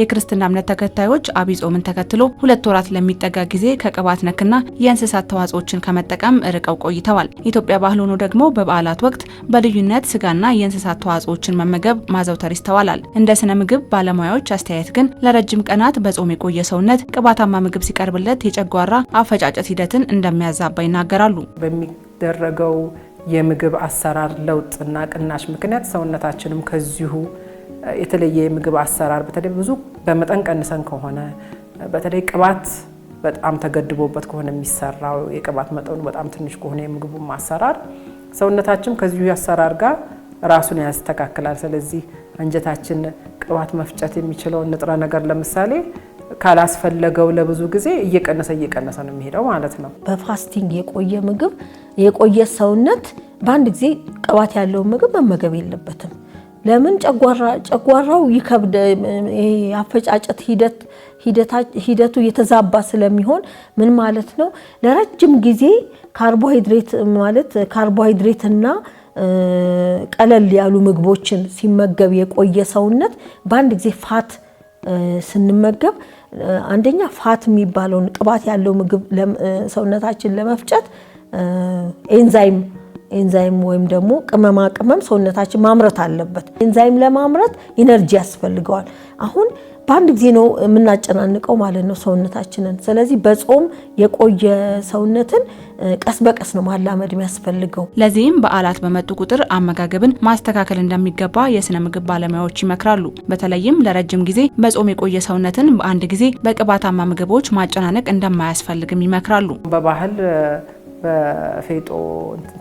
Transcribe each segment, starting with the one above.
የክርስትና እምነት ተከታዮች አብይ ጾምን ተከትሎ ሁለት ወራት ለሚጠጋ ጊዜ ከቅባት ነክና የእንስሳት ተዋጽኦችን ከመጠቀም ርቀው ቆይተዋል። ኢትዮጵያ ባህል ሆኖ ደግሞ በበዓላት ወቅት በልዩነት ስጋና የእንስሳት ተዋጽኦችን መመገብ ማዘውተር ይስተዋላል። እንደ ስነ ምግብ ባለሙያዎች አስተያየት ግን ለረጅም ቀናት በጾም የቆየ ሰውነት ቅባታማ ምግብ ሲቀርብለት የጨጓራ አፈጫጨት ሂደትን እንደሚያዛባ ይናገራሉ። በሚደረገው የምግብ አሰራር ለውጥና ቅናሽ ምክንያት ሰውነታችንም ከዚሁ የተለየ የምግብ አሰራር በተለይ ብዙ በመጠን ቀንሰን ከሆነ በተለይ ቅባት በጣም ተገድቦበት ከሆነ የሚሰራው የቅባት መጠኑ በጣም ትንሽ ከሆነ የምግቡ አሰራር ሰውነታችን ከዚሁ አሰራር ጋር ራሱን ያስተካክላል። ስለዚህ አንጀታችን ቅባት መፍጨት የሚችለውን ንጥረ ነገር ለምሳሌ ካላስፈለገው ለብዙ ጊዜ እየቀነሰ እየቀነሰ ነው የሚሄደው ማለት ነው። በፋስቲንግ የቆየ ምግብ የቆየ ሰውነት በአንድ ጊዜ ቅባት ያለውን ምግብ መመገብ የለበትም። ለምን ጨጓራው ይከብድ አፈጫጨት ሂደት ሂደቱ የተዛባ ስለሚሆን ምን ማለት ነው? ለረጅም ጊዜ ካርቦሃይድሬት ማለት ካርቦሃይድሬትና ቀለል ያሉ ምግቦችን ሲመገብ የቆየ ሰውነት በአንድ ጊዜ ፋት ስንመገብ አንደኛ ፋት የሚባለውን ቅባት ያለው ምግብ ሰውነታችን ለመፍጨት ኤንዛይም ኤንዛይም ወይም ደግሞ ቅመማ ቅመም ሰውነታችን ማምረት አለበት። ኤንዛይም ለማምረት ኢነርጂ ያስፈልገዋል። አሁን በአንድ ጊዜ ነው የምናጨናንቀው ማለት ነው ሰውነታችንን። ስለዚህ በጾም የቆየ ሰውነትን ቀስ በቀስ ነው ማላመድ የሚያስፈልገው። ለዚህም በዓላት በመጡ ቁጥር አመጋገብን ማስተካከል እንደሚገባ የስነ ምግብ ባለሙያዎች ይመክራሉ። በተለይም ለረጅም ጊዜ በጾም የቆየ ሰውነትን በአንድ ጊዜ በቅባታማ ምግቦች ማጨናነቅ እንደማያስፈልግም ይመክራሉ። በባህል በፌጦ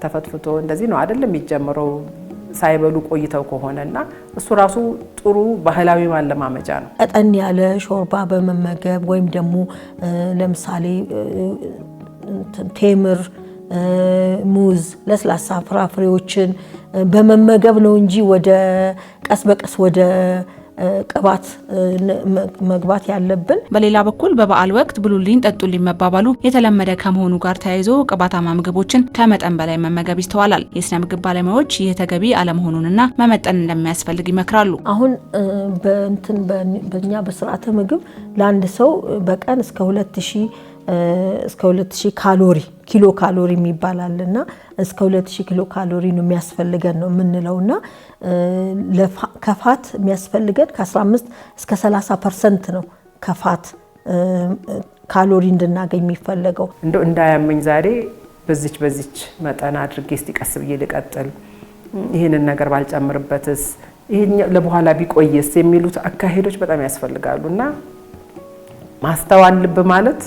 ተፈትፍቶ እንደዚህ ነው አይደለም የሚጀምረው ሳይበሉ ቆይተው ከሆነ እና እሱ ራሱ ጥሩ ባህላዊ ማለማመጃ ነው። ቀጠን ያለ ሾርባ በመመገብ ወይም ደግሞ ለምሳሌ ቴምር፣ ሙዝ፣ ለስላሳ ፍራፍሬዎችን በመመገብ ነው እንጂ ወደ ቀስ በቀስ ወደ ቅባት መግባት ያለብን። በሌላ በኩል በበዓል ወቅት ብሉልኝ ጠጡልኝ መባባሉ የተለመደ ከመሆኑ ጋር ተያይዞ ቅባታማ ምግቦችን ከመጠን በላይ መመገብ ይስተዋላል። የስነ ምግብ ባለሙያዎች ይህ ተገቢ አለመሆኑንና መመጠን እንደሚያስፈልግ ይመክራሉ። አሁን በእንትን በእኛ በስርዓተ ምግብ ለአንድ ሰው በቀን እስከ ሁለት ሺህ እስከ 2000 ካሎሪ ኪሎ ካሎሪ የሚባላል እና እስከ 2000 ኪሎ ካሎሪ ነው የሚያስፈልገን ነው የምንለው እና ከፋት የሚያስፈልገን ከ15 እስከ 30 ፐርሰንት ነው ከፋት ካሎሪ እንድናገኝ የሚፈለገው። እንደ እንዳያመኝ ዛሬ በዚች በዚች መጠን አድርጌ እስቲ ቀስ ብዬ ልቀጥል፣ ይህንን ነገር ባልጨምርበትስ፣ ለበኋላ ቢቆየስ የሚሉት አካሄዶች በጣም ያስፈልጋሉ እና ማስተዋል ልብ ማለት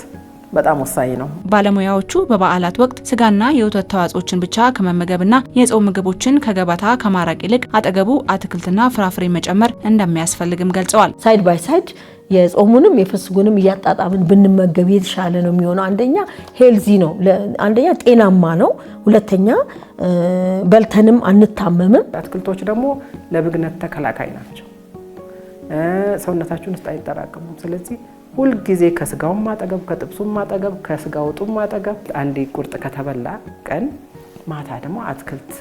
በጣም ወሳኝ ነው። ባለሙያዎቹ በበዓላት ወቅት ስጋና የወተት ተዋጽኦችን ብቻ ከመመገብና የጾም ምግቦችን ከገበታ ከማራቅ ይልቅ አጠገቡ አትክልትና ፍራፍሬ መጨመር እንደሚያስፈልግም ገልጸዋል። ሳይድ ባይ ሳይድ የጾሙንም የፍስጉንም እያጣጣምን ብንመገብ የተሻለ ነው የሚሆነው። አንደኛ ሄልዚ ነው፣ አንደኛ ጤናማ ነው፣ ሁለተኛ በልተንም አንታመምም። አትክልቶች ደግሞ ለብግነት ተከላካይ ናቸው፣ ሰውነታችን ውስጥ አይጠራቅሙም። ስለዚህ ሁልጊዜ ከስጋው ማጠገብ፣ ከጥብሱ ማጠገብ፣ ከስጋ ወጡ ማጠገብ፣ አንዴ ቁርጥ ከተበላ ቀን ማታ ደግሞ አትክልት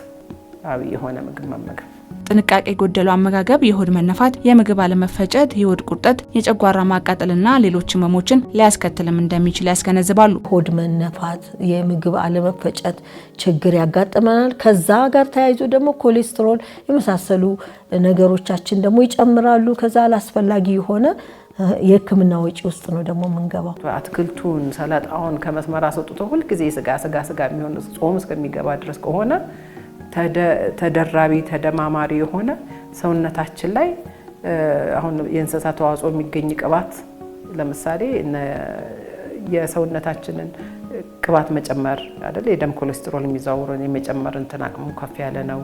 የሆነ ምግብ መመገብ። ጥንቃቄ የጎደለው አመጋገብ የሆድ መነፋት፣ የምግብ አለመፈጨት፣ የሆድ ቁርጠት፣ የጨጓራ ማቃጠልና ሌሎች ህመሞችን ሊያስከትልም እንደሚችል ያስገነዝባሉ። ሆድ መነፋት፣ የምግብ አለመፈጨት ችግር ያጋጥመናል። ከዛ ጋር ተያይዞ ደግሞ ኮሌስትሮል የመሳሰሉ ነገሮቻችን ደግሞ ይጨምራሉ። ከዛ አላስፈላጊ የሆነ የህክምና ወጪ ውስጥ ነው ደግሞ የምንገባው። አትክልቱን ሰላጣውን ከመስመር አስወጥቶ ሁልጊዜ ስጋ ስጋ ስጋ የሚሆን ጾም እስከሚገባ ድረስ ከሆነ ተደራቢ ተደማማሪ የሆነ ሰውነታችን ላይ አሁን የእንስሳ ተዋጽኦ የሚገኝ ቅባት ለምሳሌ የሰውነታችንን ቅባት መጨመር አይደል፣ የደም ኮሌስትሮል የሚዘዋውረን የመጨመር እንትን አቅሙ ከፍ ያለ ነው።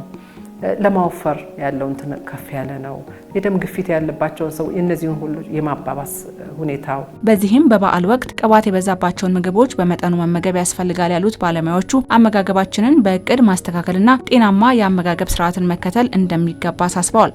ለማወፈር ያለው እንትን ከፍ ያለ ነው። የደም ግፊት ያለባቸውን ሰው እነዚህን ሁሉ የማባባስ ሁኔታው። በዚህም በበዓል ወቅት ቅባት የበዛባቸውን ምግቦች በመጠኑ መመገብ ያስፈልጋል ያሉት ባለሙያዎቹ አመጋገባችንን በእቅድ ማስተካከልና ጤናማ የአመጋገብ ስርዓትን መከተል እንደሚገባ አሳስበዋል።